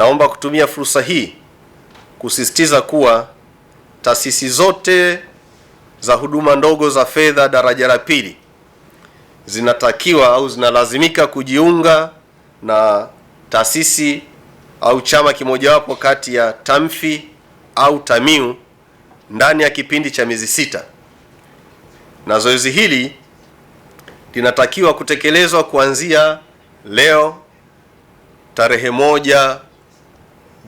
Naomba kutumia fursa hii kusisitiza kuwa taasisi zote za huduma ndogo za fedha daraja la pili zinatakiwa au zinalazimika kujiunga na taasisi au chama kimojawapo kati ya TAMFI au TAMIU ndani ya kipindi cha miezi sita, na zoezi hili linatakiwa kutekelezwa kuanzia leo tarehe moja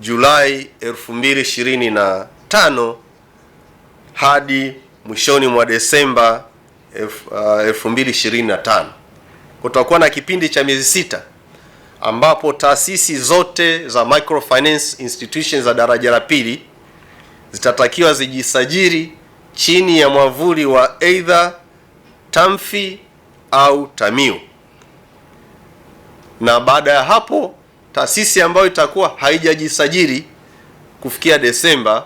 Julai 2025 hadi mwishoni mwa Desemba 2025. Uh, Kutakuwa na kipindi cha miezi sita ambapo taasisi zote za microfinance institutions za daraja la pili zitatakiwa zijisajili chini ya mwavuli wa aidha TAMFI au TAMIU na baada ya hapo taasisi ambayo itakuwa haijajisajili kufikia Desemba,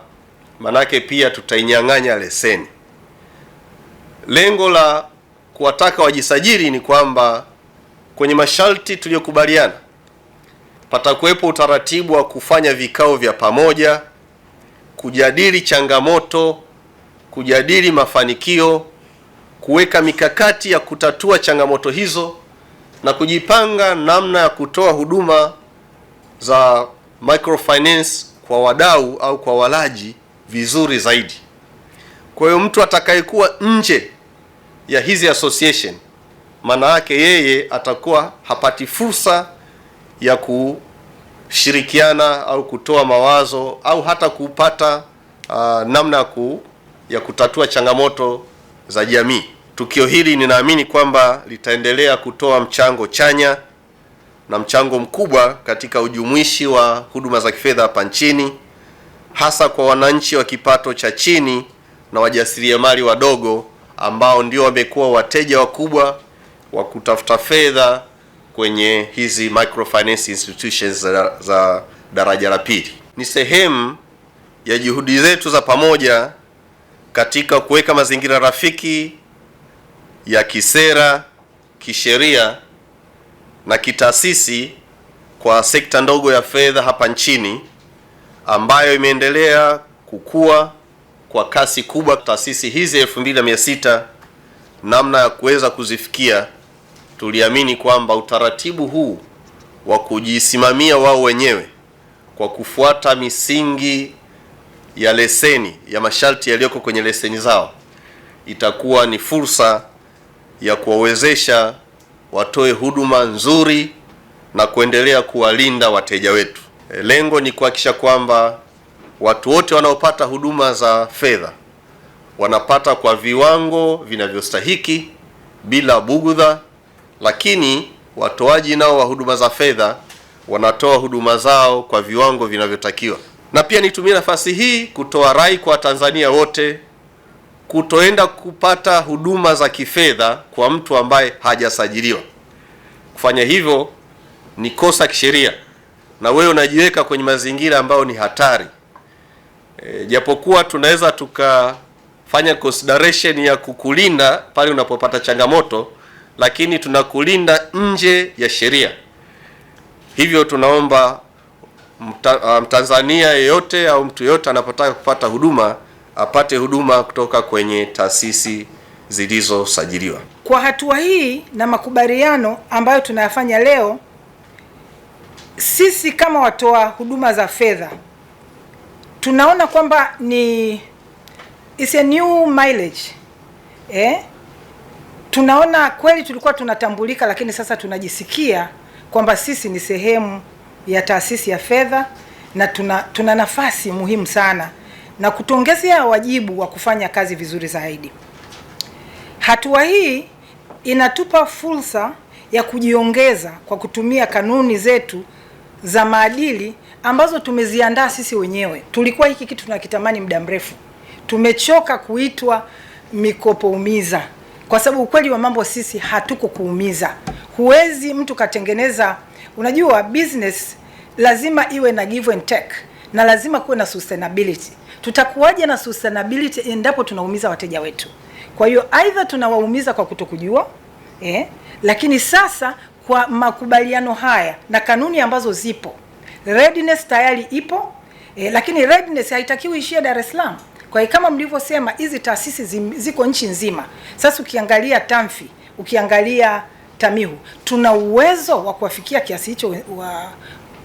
manake pia tutainyang'anya leseni. Lengo la kuwataka wajisajili ni kwamba kwenye masharti tuliyokubaliana patakuwepo utaratibu wa kufanya vikao vya pamoja, kujadili changamoto, kujadili mafanikio, kuweka mikakati ya kutatua changamoto hizo na kujipanga namna ya kutoa huduma za microfinance kwa wadau au kwa walaji vizuri zaidi. Kwa hiyo mtu atakayekuwa nje ya hizi association, maana yake yeye atakuwa hapati fursa ya kushirikiana au kutoa mawazo au hata kupata uh, namna ku, ya kutatua changamoto za jamii. Tukio hili ninaamini kwamba litaendelea kutoa mchango chanya na mchango mkubwa katika ujumuishi wa huduma za kifedha hapa nchini, hasa kwa wananchi wa kipato cha chini na wajasiriamali wadogo ambao ndio wamekuwa wateja wakubwa wa kutafuta fedha kwenye hizi microfinance institutions za, za daraja la pili. Ni sehemu ya juhudi zetu za pamoja katika kuweka mazingira rafiki ya kisera, kisheria na kitaasisi kwa sekta ndogo ya fedha hapa nchini ambayo imeendelea kukua kwa kasi kubwa. Taasisi hizi sita namna ya kuweza kuzifikia, tuliamini kwamba utaratibu huu wa kujisimamia wao wenyewe kwa kufuata misingi ya leseni ya masharti yaliyoko kwenye leseni zao itakuwa ni fursa ya kuwawezesha watoe huduma nzuri na kuendelea kuwalinda wateja wetu. Eh, lengo ni kuhakikisha kwamba watu wote wanaopata huduma za fedha wanapata kwa viwango vinavyostahiki bila bugudha, lakini watoaji nao wa huduma za fedha wanatoa huduma zao kwa viwango vinavyotakiwa. Na pia nitumie nafasi hii kutoa rai kwa Watanzania wote kutoenda kupata huduma za kifedha kwa mtu ambaye hajasajiliwa. Kufanya hivyo ni kosa kisheria, na wewe unajiweka kwenye mazingira ambayo ni hatari. E, japokuwa tunaweza tukafanya consideration ya kukulinda pale unapopata changamoto, lakini tunakulinda nje ya sheria. Hivyo tunaomba Mtanzania yeyote au mtu yeyote anapotaka kupata huduma apate huduma kutoka kwenye taasisi zilizosajiliwa. Kwa hatua hii na makubaliano ambayo tunayafanya leo, sisi kama watoa huduma za fedha tunaona kwamba ni it's a new mileage eh? Tunaona kweli tulikuwa tunatambulika, lakini sasa tunajisikia kwamba sisi ni sehemu ya taasisi ya fedha na tuna, tuna nafasi muhimu sana na kutuongezea wajibu wa kufanya kazi vizuri zaidi. Hatua hii inatupa fursa ya kujiongeza kwa kutumia kanuni zetu za maadili ambazo tumeziandaa sisi wenyewe. Tulikuwa hiki kitu tunakitamani muda mrefu, tumechoka kuitwa mikopo umiza, kwa sababu ukweli wa mambo sisi hatuko kuumiza. Huwezi mtu katengeneza, unajua business lazima iwe na give and take na lazima kuwe na sustainability. Tutakuwaje na sustainability endapo tunaumiza wateja wetu? Kwa hiyo aidha tunawaumiza kwa kutokujua eh, lakini sasa kwa makubaliano haya na kanuni ambazo zipo readiness tayari ipo eh, lakini readiness haitakiwi ishie Dar es Salaam. Kwa hiyo kama mlivyosema, hizi taasisi ziko nchi nzima. Sasa ukiangalia Tamfi, ukiangalia Tamihu, tuna uwezo wa kuwafikia kiasi hicho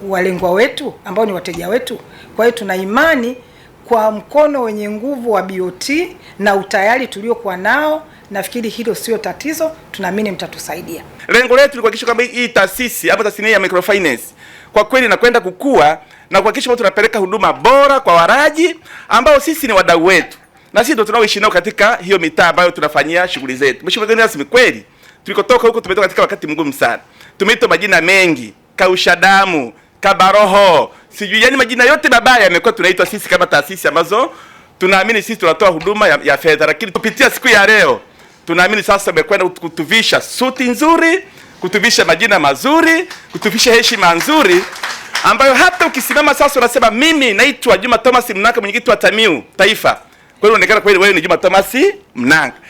walengwa wetu ambao ni wateja wetu. Kwa hiyo tuna imani kwa mkono wenye nguvu wa BOT na utayari tuliokuwa nao, nafikiri hilo sio tatizo. Tunaamini mtatusaidia. Lengo letu ni kuhakikisha kwamba hii taasisi hapa, taasisi ya microfinance kwa kweli inakwenda kukua na kuhakikisha kwamba tunapeleka huduma bora kwa waraji ambao sisi ni wadau wetu na sisi ndio tunaoishi nao katika hiyo mitaa ambayo tunafanyia shughuli zetu. Mheshimiwa mgeni rasmi, kweli tulikotoka huko tumetoka katika wakati mgumu sana, tumeitwa majina mengi, kausha damu Kabaroho, sijui yani majina yote mabaya yamekuwa tunaitwa sisi kama taasisi ambazo tunaamini sisi tunatoa huduma ya, ya fedha, lakini kupitia siku ya leo tunaamini sasa umekwenda kutuvisha suti nzuri, kutuvisha majina mazuri, kutuvisha heshima nzuri ambayo hata ukisimama sasa unasema mimi naitwa Juma Thomas Mnanga, mwenyekiti wa Tamiu Taifa. Kwa hiyo unaonekana kweli wewe ni Juma Thomas Mnanga.